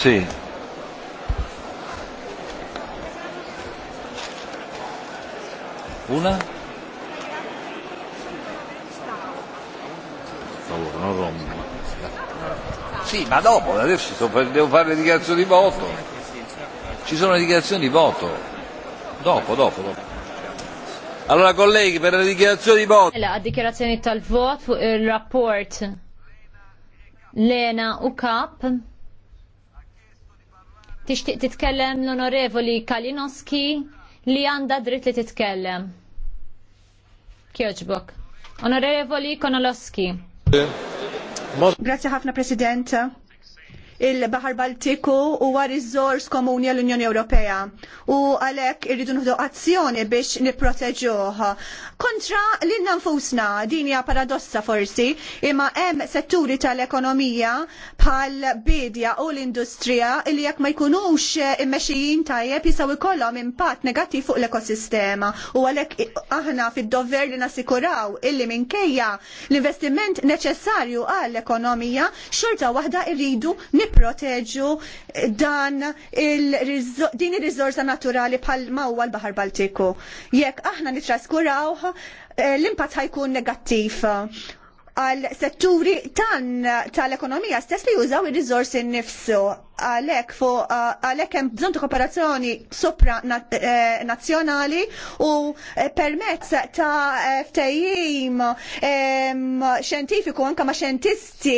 Sì. Una? Allora, non rompo. Sì, ma dopo, adesso sto per, devo fare le dichiarazioni di voto. Ci sono le dichiarazioni di voto. Dopo, dopo, dopo. Allora, colleghi, per le dichiarazioni di voto. La mela, dichiarazione tal voto, il rapporto. Lena UCAP. Tixtieq titkellem l-Onorevoli Kalinowski li għandha dritt li titkellem. Kjoġbok. Onorevoli Konoloski. Grazie ħafna President il-Bahar Baltiku huwa riżors komuni għall-Unjoni Ewropea u għalhekk irridu nħdu azzjoni biex niproteġuħ. Kontra li nanfusna, dinja din hija paradossa forsi, imma hemm setturi tal-ekonomija bħal bidja u l-industrija li jekk ma jkunux immexijin tajjeb jistgħu jkollhom impatt negattiv fuq l-ekosistema u għalhekk aħna fid-dover li nasikuraw illi minkejja l-investiment neċessarju għall-ekonomija xorta waħda irridu nip Jipproteġu dan din ir rizorsa naturali bħal m'awwa l-Baħar Baltiku. Jekk aħna nitraskuraw eh, l-impatt ħajkun negattiv għal setturi tan tal-ekonomija stess li jużaw ir-riżors nnifsu għalhekk fuq uh, għalhekk hemm bżonn ta' kooperazzjoni eh, nazzjonali u eh, permezz ta' eh, ftehim ehm, xjentifiku anke ma' xjentisti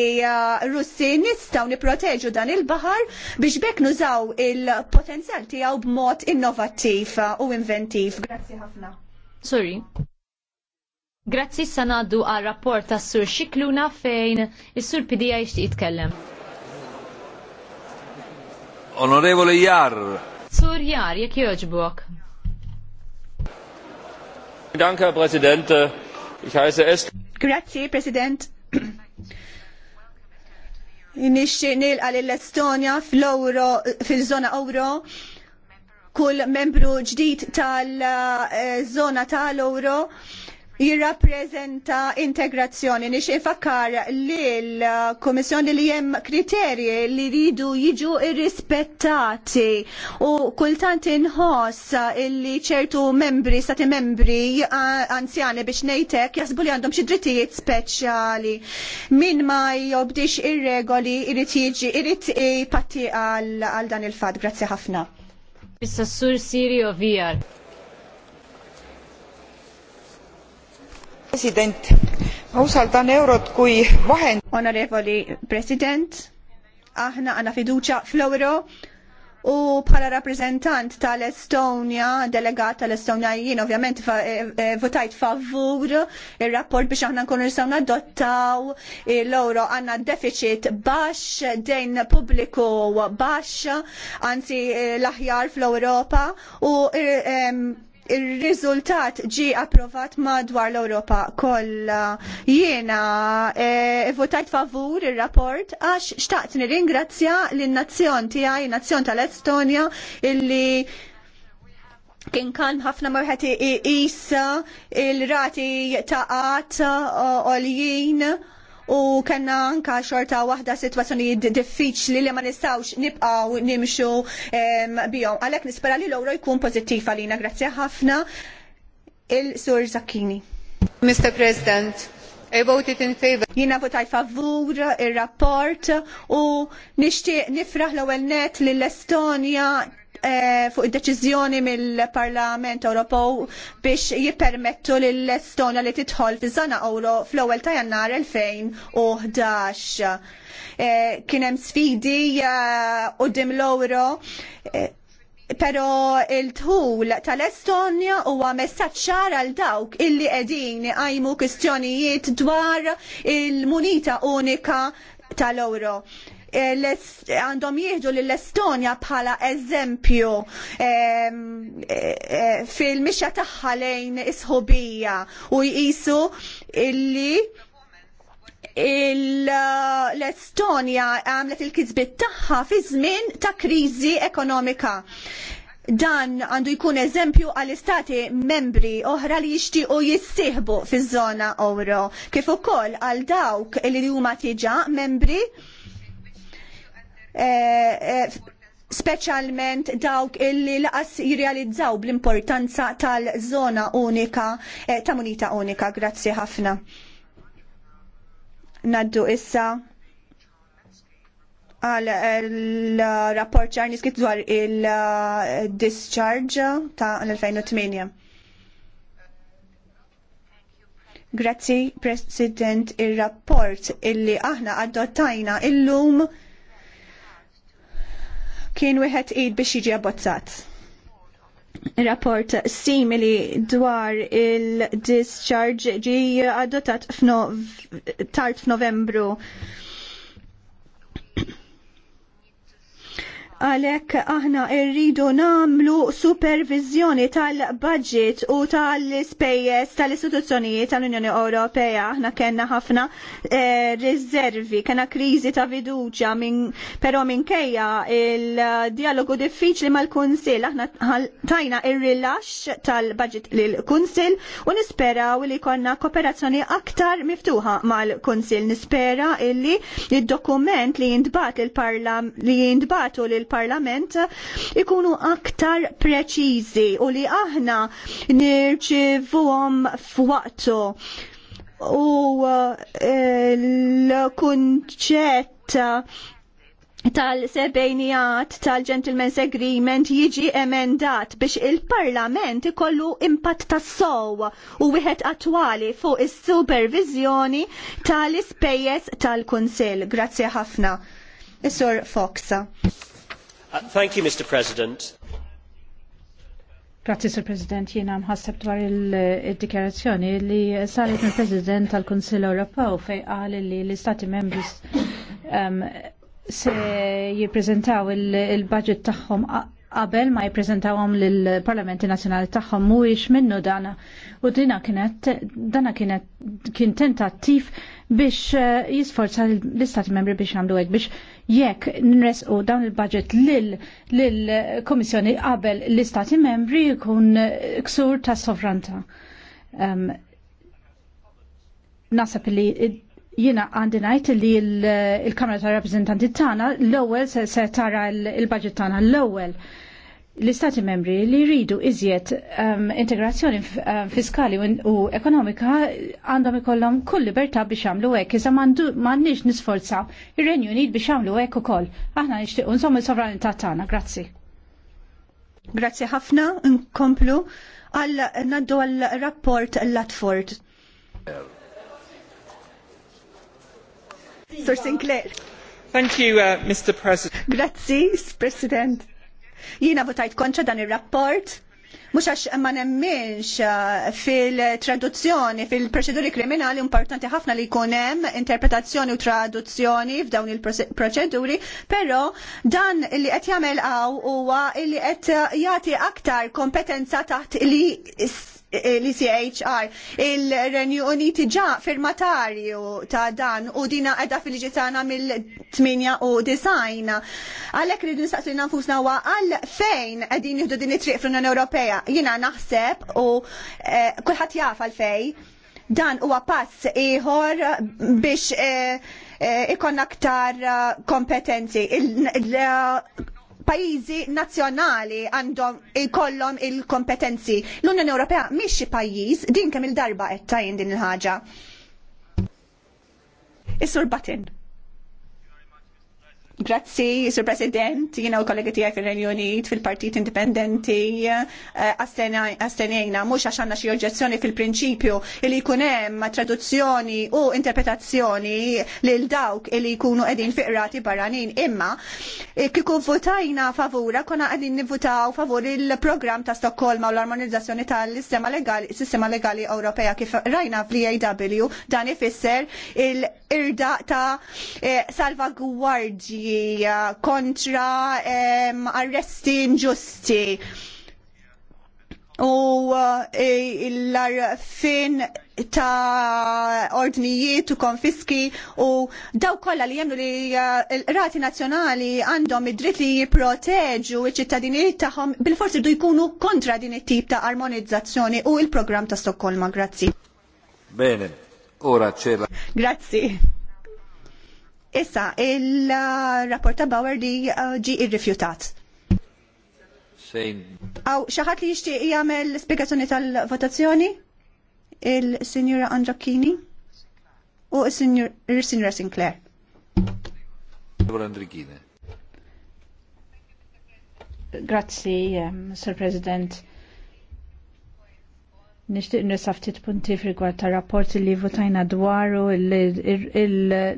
Russi nistgħu nipproteġu dan il-baħar biex bekk nużaw il-potenzjal tiegħu b'mod innovattiv u inventiv. Grazzi ħafna. Sorry. Grazzi sanaddu għal rapport tas Sur Xikluna fejn is-Sur PDA jixtieq jitkellem. Onorevole Jar. Sur Jar, jekk jogħġbok. Danke, President. Ich heiße Est. Grazzi, President. Nixtieq nilqa lill-Estonja fl-Euro, fil zona Euro, kull membru ġdid tal-żona eh, tal-Euro. tal żona tal euro tal tal euro jirrapprezenta integrazzjoni. Nix ifakkar uh, li l-Komissjoni li jem kriterji li ridu jiġu irrispettati u kultant inħoss li ċertu membri, stati membri anzjani biex nejtek jasbu li għandhom xi drittijiet speċjali. Min ma jobdix ir-regoli jiġi jrid patti għal dan il-fat. Grazzi ħafna. Issa sur ma usaldan eurot kui vahend. Onorevoli President, aħna għana fiduċa fl-euro u bħala rappresentant tal-Estonja, delegat tal-Estonja, jien ovvjament eh, eh, votajt favur il-rapport biex aħna nkunu nistgħu nadottaw l-euro għandna deficit baxx, dejn pubbliku baxx, anzi eh, l-aħjar fl-Ewropa u il-riżultat ġi approvat madwar l-Ewropa kollha. Jiena e, votajt favur ir-rapport għax xtaqt nirringrazzja lin-nazzjon tiegħi, nazzjon tal-Estonja illi kien kan ħafna marħati isa il-rati ta' għat oljien u kanna anka xorta waħda situazzjoni diffiċli li ma nistawx nibqaw nimxu bihom. Għalhekk nispera li l għura jkun pozittif għalina. Grazzi ħafna il-Sur Zakkini. Mr. President, I voted in favor. Jina votaj favur ir rapport u nixtieq nifraħ l ewwel net lill estonja Eh, fuq id-deċiżjoni mill-Parlament Ewropew biex jippermettu lill estonja li tidħol fiż-żona euro fl-ewwel ta' Jannar 2011. Eh, kien hemm sfidi eh, qudiem l ewro Pero il-tħul tal-Estonja huwa messaġġ ċar għal dawk illi qegħdin għajmu kwistjonijiet dwar il-munita unika tal ewro għandhom jieħdu l-Estonja bħala eżempju e, e, fil-mixja tagħha lejn isħobija u jqisu illi e, l-Estonja għamlet il-kizbit tagħha fi żmien ta' kriżi ekonomika dan għandu jkun eżempju għall-istati membri oħra li jixtiequ jissieħbu fiż-żona euro, kif ukoll għal dawk li huma tiġa membri Eh, eh, specialment dawk illi laqas jirrealizzaw bl-importanza tal-zona unika, eh, ta' munita unika. Grazzi ħafna. Naddu issa għal l-rapport ċarni skit dwar il-discharge ta' l-2008. Grazzi, President, il-rapport illi aħna adottajna il-lum illum lum kien wieħed id biex jiġi abbozzat. Rapport simili dwar il-discharge ġi adottat tard f'Novembru Għalek aħna irridu namlu supervizjoni tal-budget u tal-spejjes tal-istituzzjonijiet tal-Unjoni Ewropea. Aħna kena ħafna eh, rizervi, kena krizi ta' fiduċa, min, pero minkejja il-dialogu diffiċli mal-Kunsil. Aħna tajna ir-rilax tal-budget lill kunsil u nisperaw li konna kooperazzjoni aktar miftuħa mal-Kunsil. Nispera illi il-dokument li jindbat il-parlam li jindbatu lil tal-Parlament ikunu aktar preċiżi u li aħna nirċivuhom f'waqtu u eh, l-kunċett tal-sebejnijat tal-Gentleman's Agreement jiġi emendat biex il-Parlament ikollu impatt tas sow u wieħed attwali fuq is-supervizjoni tal-ispejjeż tal-Kunsill. Grazzi ħafna. Isur Fox. Uh, thank you, Mr. President. Grazie, Sir President. Jiena mħasseb dwar il-dikjarazzjoni li saret mill president tal-Konsil Ewropew fej qal li l-Istati membri um, se jippreżentaw il-budget tagħhom qabel ma jippreżentawhom lill-Parlamenti Nazzjonali tagħhom mhuwiex minnu dana. U dina kienet dana kienet kien tentattiv biex eh, jisforza l-Istati Membri biex jagħmlu hekk biex jekk nresqu dawn il-budget lill kummissjoni qabel l-Istati Membri jkun ksur ta' sovranta. Um, Nasab li Jina għandi najt li il-Kamra ta' Rappresentanti tana l-ewel se tara il-budget tana l-ewel. L-Istati membri li jridu iżjed ehm, integrazzjoni ehm, fiskali u ekonomika għandhom ikollhom kull libertà biex jagħmlu hekk iżda m'għandniex nisforza ir-Renju Unit biex jagħmlu hekk ukoll. Aħna nixtiequ nżomm is sovranità tagħna, grazzi. Grazzi ħafna, nkomplu għal naddu għal rapport l-Latford. Sir Sinclair. Thank you, uh, Mr. President. Grazzi, President. Jiena votajt kontra dan ir-rapport. Mhux għax ma nemminx uh, fil-traduzzjoni, fil-proċeduri kriminali importanti ħafna li jkun hemm interpretazzjoni u traduzzjoni f'dawn il-proċeduri, però dan li qed jagħmel hawn huwa li qed jagħti aktar kompetenza taħt li Eh, l-ICHR il-Renju Uniti ġa firmatarju ta' dan u dina għedha fil-ġitana mill-8 u design. Għalek rridu nistaqsu nfusna wa għal fejn għedin jihdu din it-triq fl-Unjoni Ewropea. Jina naħseb u eh, kullħat jaf għal fej dan huwa pass ieħor biex eh, ikon aktar kompetenzi pajizi nazjonali għandhom ikollhom il-kompetenzi. L-Unjoni Ewropea mhix xi pajjiż din kemm il-darba qed tajjin din il-ħaġa. Is-Sur Batin. Grazzi, Sir President, jina u kollegi tijaj fil-Renjonit, fil-Partit Indipendenti, eh, astenjajna, mux għax xie oġġezzjoni fil-prinċipju li kunem traduzzjoni u interpretazzjoni lil dawk li jkunu edin fiqrati barranin. Imma, eh, kiku votajna favura, kona għedin nivutaw favur il-program ta' Stokkolma u l-armonizzazzjoni tal-sistema legali, sistema legali Ewropea kif rajna fl-EAW, dan ifisser il-irda ta' eh, salvagwardji miżuri kontra arresti inġusti u eh, l-arfin ta' ordnijiet u konfiski u daw kolla li jemlu li eh, l-rati nazjonali għandhom id-dritt li jiproteġu iċ-ċittadini tagħhom bil-forsi du jkunu kontra din it-tip ta' armonizzazzjoni u il-programm ta' Stokkolma. Grazzi. Bene, ora ċera. Grazzi. Issa, il-rapport ta' Bauer li uh, ġi irrifjutat. Aw, xaħat li jixtieq jagħmel spiegazzjoni tal-votazzjoni? il signora Andrakini u il signora Sinclair. Andrakini. Grazie, eh, Sir President Nishtiq nisaf ftit punti rigward ta' rapport li votajna dwaru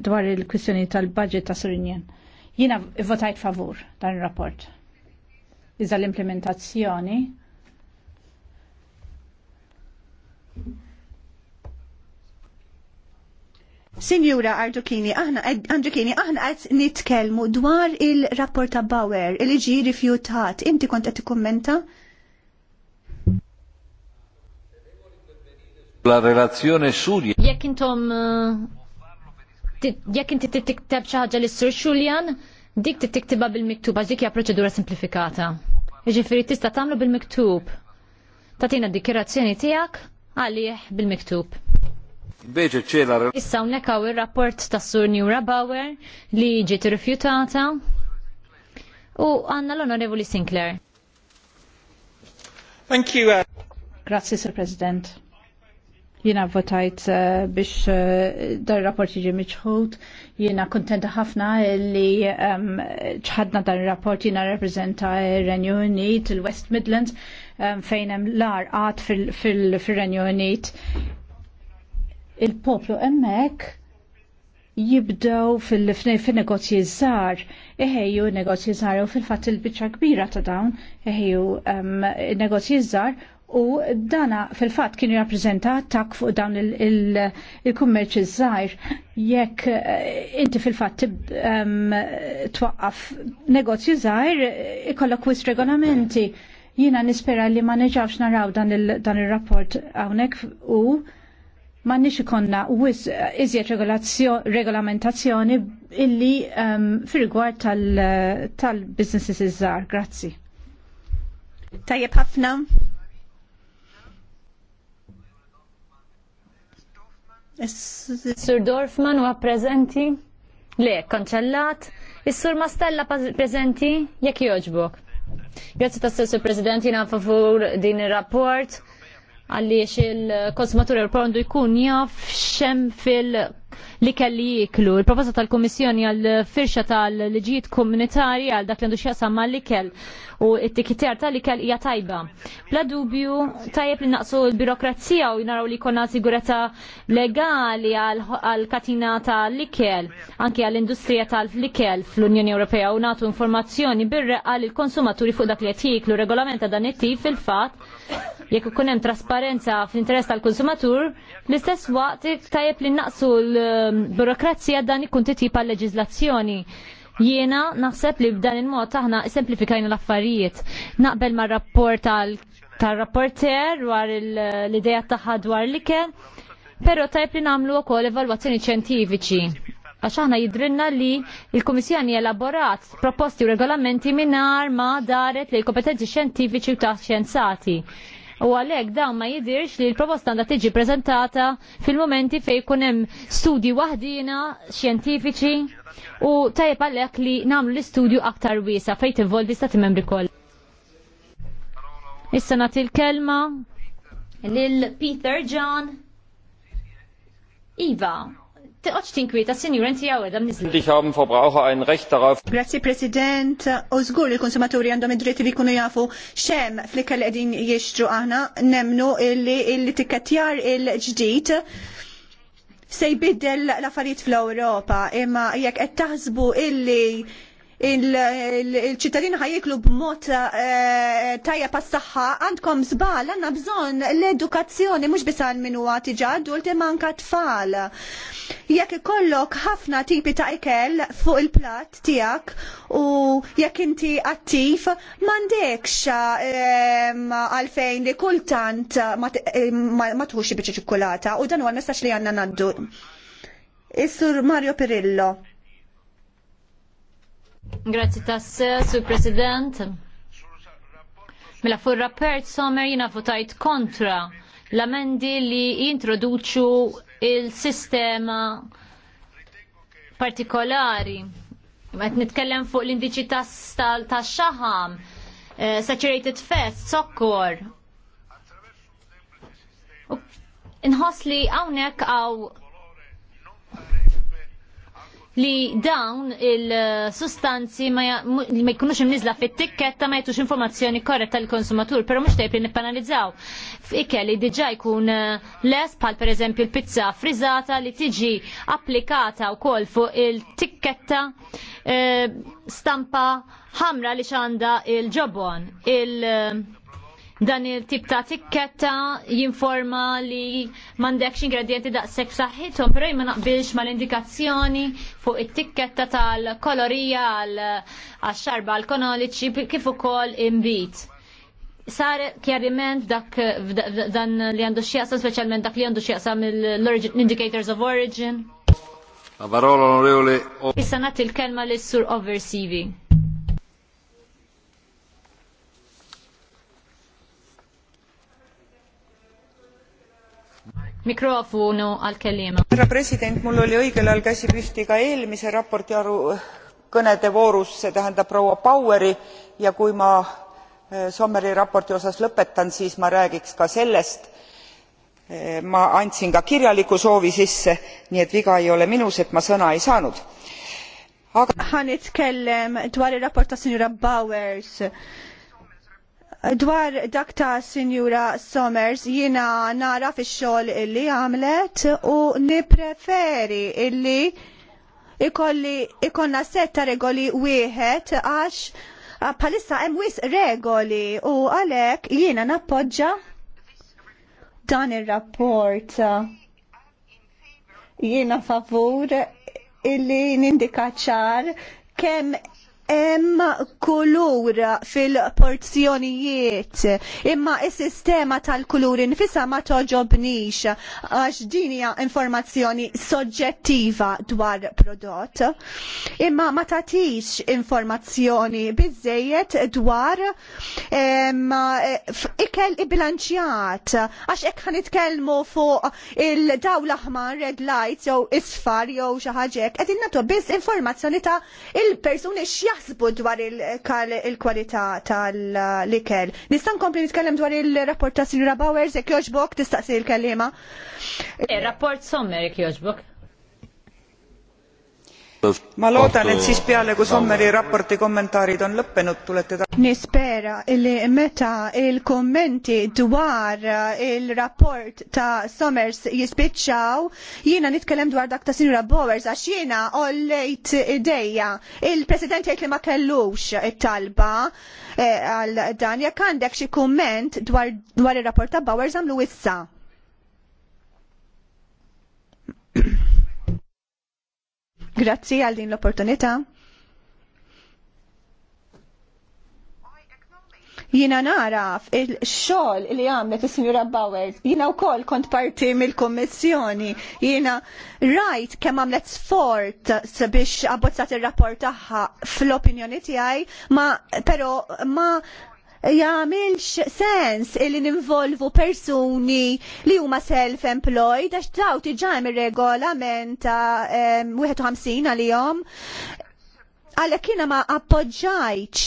dwar il-kwistjoni tal-budget ta' Surinjen. Jina votajt favur dan il-rapport. Iżda l-implementazzjoni Sinjura Arduchini, aħna Arduchini, aħna qed nitkellmu dwar il-rapport ta' Bauer, il-ġi rifjutat. Inti kont qed tikkummenta? La relazione Xuljan. Jekk intom eh, jekk inti tikteb xi ħaġa lis sur Xuljan, dik tittiktibha bil-miktuba dik hija proċedura simplifikata. Jiġifieri tista' tagħmlu bil-miktub. Tatina d-dikjerazzjoni tiegħek għalih bil-miktub. Issa hawnhekk hawn ir-rapport tas-Sur Newra Bauer li ġiet irrifjutata u għandna l-Onorevoli Sinclair. Thank you. Uh... Grazie, Sir President jina votajt eh, biex eh, dar rapport jiġi miċħut. Jiena kontenta ħafna li ehm, ċħadna dan rapport jiena reprezenta Renju Unit, il-West Midlands, ehm, fejn hemm l-ar għad fil-Renju Unit. Il-poplu hemmhekk jibdew fil-negozji żgħar, iħejju negozji żgħar u fil-fatt il-biċċa kbira ta' dawn iħejju ehm, negozji żgħar U dana fil-fat kienu jrapprezenta tak fuq dawn il kummerċi iż-żgħir jekk eh, inti fil-fat twaqqaf negozju żgħir ikollok wis regolamenti. Jiena nispera li ma neġawx naraw dan il-rapport hawnhekk u ma nix ikonna wis eh, iżjed regolamentazzjoni illi um, fil-rigward tal-businesses tal iż-żgħar. Grazzi. Tajjeb ħafna. Sur Dorfman huwa prezenti, Le, kanċellat. Is-sur Mastella prezenti, jekk jogħġbok. Grazie ta' stessu President na' favur din ir-rapport għaliex il kosmatur Ewropew għandu jkun jaf xem fil- li kelli jiklu. Il-proposta tal-Komissjoni għal-firxa tal-liġijiet komunitarji għal dak li għandu xjasam ma l-ikel u it-tikiter tal-ikel hija tajba. Bla dubju tajjeb li naqsu l-birokrazija u jnaraw li konna sigurata legali għal-katina tal kell, anki għal-industrija tal-ikel fl-Unjoni Ewropea u natu informazzjoni għal il konsumaturi fuq dak li qed jiklu regolamenta dan it fil-fatt jekk ikun hemm trasparenza fl-interess tal-konsumatur, l-istess waqt tajjeb li naqsu l Um, burokrazija dan ikun titjib għal leġizlazzjoni. Jiena naħseb li b'dan il-mod aħna semplifikajna l-affarijiet. Naqbel ma' rapport tal-rapporter dwar l-ideja taħħa dwar li kien, pero tajb li namlu wkoll evalwazzjoni ċentifiċi għax aħna jidrinna li il-Komissjoni elaborat proposti u regolamenti minar ma daret li kompetenzi xjentifiċi u ta' xjenzati. U għalhekk dawn ma jidirx li l-proposta għandha tiġi preżentata fil-momenti fejn kunem hemm studji waħdina xjentifiċi u tajb għalhekk li nagħmlu l-istudju aktar wiesa fejn tinvolvi stati membri kollha. Issa nagħti l-kelma lil Peter John Iva Tiqgħodx tinkwieta sinjur inti jew qiegħda mniżli. haben Verbraucher ein Recht darauf. Grazzi President, u żgur li konsumaturi għandhom id-dritt li jkunu jafu xemm fl-ikel qegħdin jixtru aħna nemnu illi l tikkettjar il-ġdid se jbiddel l-affarijiet fl-Ewropa imma jekk qed taħsbu illi il-ċittadini ħajiklu b'mod eh, tajja pas-saħħa għandkom zbal għandna bżonn l-edukazzjoni mhux biss għal min huwa tiġa adult manka tfal. Jekk ikollok ħafna tipi ta' ikel fuq il-platt tiegħek u jekk inti attiv m'għandekx eh, għalfejn li kultant eh, ma tħux biċċa ċikkulata u dan huwa l-messaġġ li għandna ngħaddu. Is-sur Mario Pirillo. Grazzi tasse, Sur President. Mela fu rapport sommer jina votajt kontra l-amendi li introduċu il-sistema partikolari. Għet nitkellem fuq l-indiċi tal ta' xaħam, eh, saturated fat, sokkor. Nħoss li għawnek għaw li dawn il-sustanzi ma jkunux imnizla fit-tikketta ma jtux informazzjoni korretta l-konsumatur, pero mux tajb li nippanalizzaw. Ike li diġa jkun eh, les pal per eżempju l-pizza frizzata li tiġi applikata u kol fuq il-tikketta eh, stampa ħamra li xanda il-ġobon. Il-ġobon dan il-tip ta' tikketta jinforma li m'għandekx ingredienti daqshekk b'saħħithom, però jien ma naqbilx mal-indikazzjoni fuq it-tikketta tal-kolorija għax-xarba alkoholiċi kif ukoll imbit. Sar kjarriment dak dan li għandu xieqsa, speċjalment dak li għandu xieqsa mill indicators of origin. La parola onorevole. Issa nagħti l-kelma lis sur Oversivi. Mikrofonu għal-kellima. Herra President, mul oli õigel ajal käsi püsti ka eelmise raporti aru kõnede voorus, see tähendab proua Poweri ja kui ma eh, Sommeri raporti osas lõpetan, siis ma räägiks ka sellest. Eh, ma andsin ka kirjaliku soovi sisse, nii et viga ei ole minus, et ma sõna ei saanud ta' Bowers Dwar dak ta' Sinjura Somers jiena nara fi xogħol illi għamlet u nipreferi illi ikolli ikonna setta regoli wieħed għax bħalissa hemm wis regoli u għalhekk jiena nappoġġa dan ir-rapport. Jiena favur illi nindika ċar kemm hemm kulur fil-porzjonijiet imma is-sistema tal-kulur infisa ma toġobnix għax din hija informazzjoni soġġettiva dwar prodott imma ma tatix informazzjoni biżejjed dwar ikel il-bilanċjat għax hekk nitkellmu fuq il dawla aħmar red lights jew isfar jew xi ħaġa hekk qegħdin nagħtu biss informazzjoni ta' il-persuni x'ja naħsbu dwar il-kwalità tal-ikel. Nista' nkompli nitkellem dwar il-rapport ta' Sinjura Bowers, jekk jogħġbok tistaqsi l kelliema il eh, rapport sommer jekk jogħġbok. Ma loodan, et siis peale, kui Sommeri raporti kommentaarid on lõppenud, Nispera li meta il-kommenti dwar il-rapport ta' Somers jispiċċaw, jiena nitkellem dwar dak ta' Sinjura Bowers, għax jiena ollejt ideja. Il-President jgħid li ma kellux it-talba eh, għal dan, jekk għandek xi kumment dwar ir rapport ta' Bowers għamlu issa. Grazzi għal din l-opportunità. Jina naraf il-xol li għamlet il-Sinjura Bowers, jina u kol kont parti mill-kommissjoni, jina rajt kem għamlet sfort sabiex abbozzat il-rapport taħħa fl-opinjoni tijaj, ma pero ma J'għamilx sens illi ninvolvu persuni li huma self-employed għax daw tiġa ir-regolament ta' 51 għal-jom. Għalek kiena ma appoġġajċ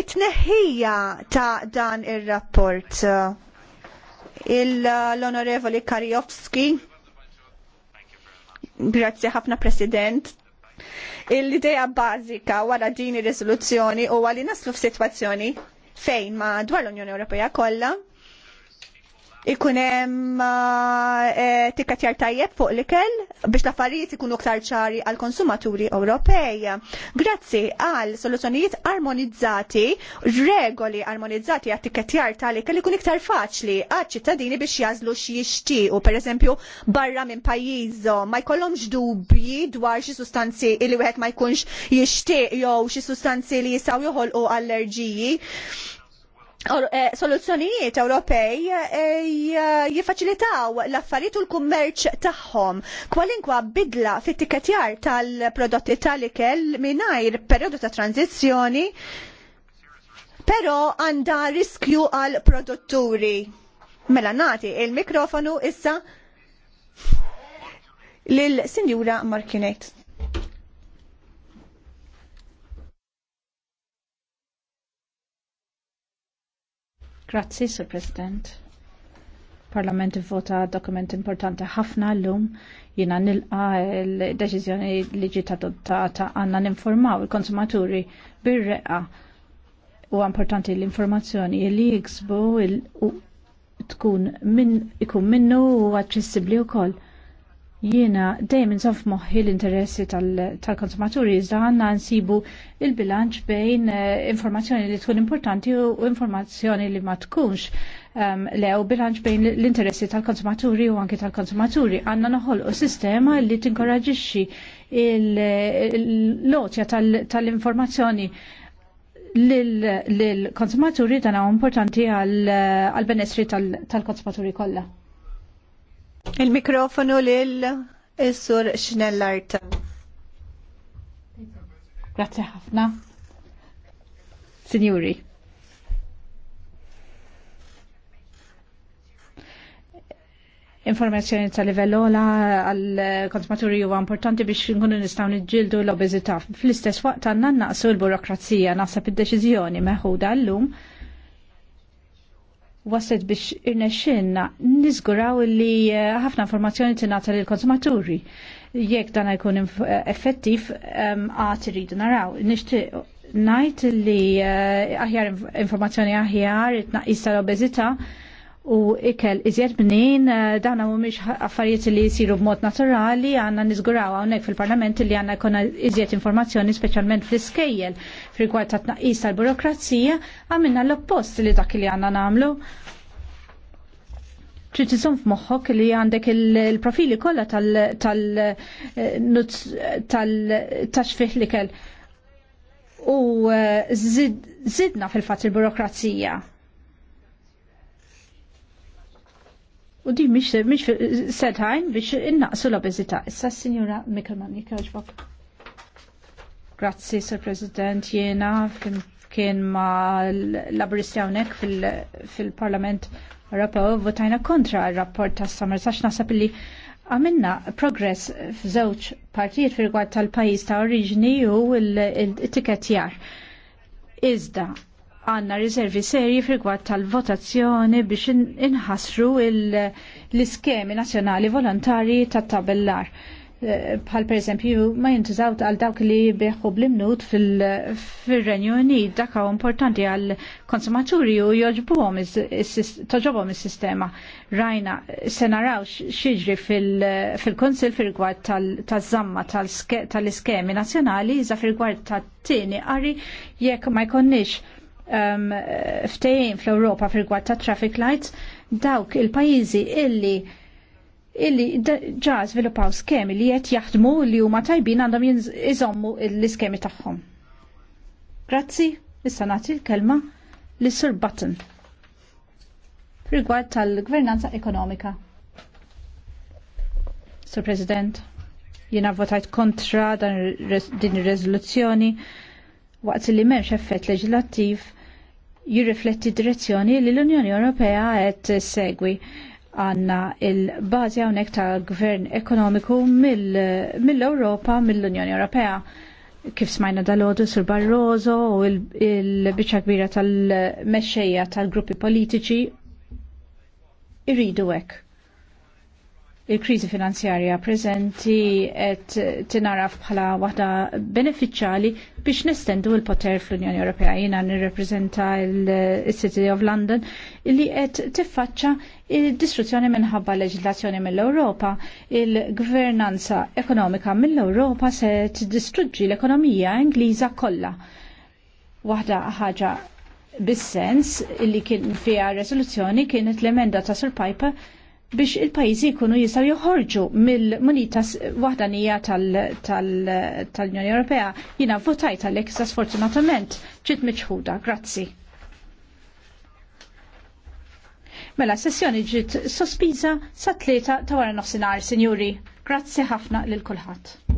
it-neħija ta' dan ir-rapport. Il L-Onorevoli Karjovski. Grazzi ħafna President L-idea bażika wara din ir-riżoluzzjoni huwa li naslu f'sitwazzjoni fejn ma dwar l-Unjoni Ewropea kollha ikunem eh, eh, tikkatjar tajjeb fuq l-ikel biex l-affarijiet ikunu ktar ċari għal konsumaturi Ewropej. Grazzi għal soluzzjonijiet armonizzati, regoli armonizzati għat tikkatjar tal-ikel ikun iktar faċli għal ċittadini biex jazlu x'jixtiequ, per eżempju, barra minn pajjiżhom ma jkollhomx dubji dwar xi sustanzi li wieħed ma jkunx jixtieq jew xi sustanzi li jisaw joħolqu allerġiji Eh, soluzzjonijiet Ewropej eh, jiffaċilitaw l-affarijiet u l-kummerċ tagħhom. Kwalinkwa bidla fit-tikketjar tal-prodotti tal-ikel mingħajr perjodu ta' tranzizzjoni, però għandha riskju għal produtturi. Mela nagħti il-mikrofonu issa lil Sinjura Markinet. Grazzi, Sir President. Parlament vota dokument importanti ħafna l-lum jina nilqa l-deċizjoni li ġiet adottata għanna ninformaw il-konsumaturi bir reqqa u importanti l-informazzjoni li jiksbu tkun min, ikun minnu u aċċessibbli wkoll Jiena dejjem insaf moħħi l-interessi tal-konsumaturi iżda għandna nsibu il-bilanċ bejn eh, informazzjoni li tkun importanti u informazzjoni li ma tkunx ehm, lew bilanċ bejn l-interessi tal-konsumaturi u anke tal-konsumaturi. Għandna u sistema li tinkoraġixxi l-lotja tal-informazzjoni tal lill konsumaturi dan importanti għall-benessri tal-konsumaturi kollha. Il-mikrofonu lil Is-sur Xnellart. Grazie ħafna. Signori. Informazzjoni ta' livell ola għal konsumaturi huwa importanti biex nkunu nistgħu niġġieldu l-obeżità. Fl-istess waqt għandna naqsu l-burokrazija naħseb id-deċiżjoni meħuda llum waslet biex irnexxinna niżguraw li eh, ħafna informazzjoni tingħata lill-konsumaturi. Jekk dan jkun eh, effettiv għat irridu naraw. Nixtieq ngħid li eh, aħjar informazzjoni aħjar it-tnaqqis tal-obeżità u ikel iżjed bnin u eh, mhumiex affarijiet li jsiru b'mod naturali għandna niżguraw hawnhekk fil-Parlament li għandna jkollna iżjed informazzjoni speċjalment fl-iskejjel rigward ta' tnaqqis tal-burokrazija għamilna l-oppost li dak li għandna nagħmlu. Trid isum f'moħħok li għandek il-profili kollha tal-taxfih eh, li kell. U eh, zidna fil-fatt il-burokrazija U di mish, mish sedħajn biex innaqsu l-obezita. Issa s-Sinjura Mikkelman, jikħarġbok. Grazzi, Sir President, jena kien ma l-abristi għonek fil-Parlament fil Europew votajna kontra il-rapport ta' Summer, sax nasab li għamilna progress f'żewġ partijiet fil-gwad tal-pajis ta' oriġni u l-etikettjar. Iżda, għanna riservi serji frigwat tal-votazzjoni biex inħasru l-iskemi nazjonali volontari tat tabellar eh, bħal per esempio, ma jintużaw għal dawk li beħu bl-imnut fil-Renju Unit dak huwa importanti għal konsumaturi u joġbuħom is-sistema. Rajna se xieġri fil konsil fil gwad taż-żamma tal-iskemi nazjonali, za fil gwad tat-tieni qari jekk ma jkunniex um, ftejn fl-Europa fil-gwad ta' traffic lights, dawk il-pajizi illi illi ġa sviluppaw skemi li jett jaħdmu li huma tajbin għandhom jizommu l-iskemi tagħhom. Grazzi, issa nagħti l-kelma li Sur Button. Rigward tal-gvernanza ekonomika. Sur President, jiena votajt kontra dan din ir-reżoluzzjoni waqt li m'hemmx effett leġislattiv jirrifletti direzzjoni li l-Unjoni Ewropea qed segwi għanna il-bazi għonek ta' gvern ekonomiku mill-Europa, mill unjoni Ewropea. Kif smajna dal-ħodu sur Barroso u il-bicċa kbira tal-mesċeja tal-gruppi politiċi irridu hekk il-krizi finanzjarja prezenti et tinaraf bħala waħda beneficiali biex nestendu il-poter fl-Unjoni Ewropea. Jina nirrepreżenta il-City of London li qed tiffaċċa il-distruzzjoni minħabba leġislazzjoni mill-Ewropa. Il-gvernanza ekonomika mill-Ewropa se tiddistruġġi l-ekonomija Ingliża kollha. Waħda ħaġa bis-sens li kien fiha resoluzzjoni kienet l-emenda ta' Sir Piper biex il pajzi jkunu jisaw joħorġu mill-munita wahdanija tal-Unjoni Ewropea. Jina votajt għalek sa sfortunatament ġit miċħuda. Grazzi. Mela, sessjoni ġit sospiża sa tlieta ta' wara nofsinhar, sinjuri. Grazzi ħafna lil kulħadd.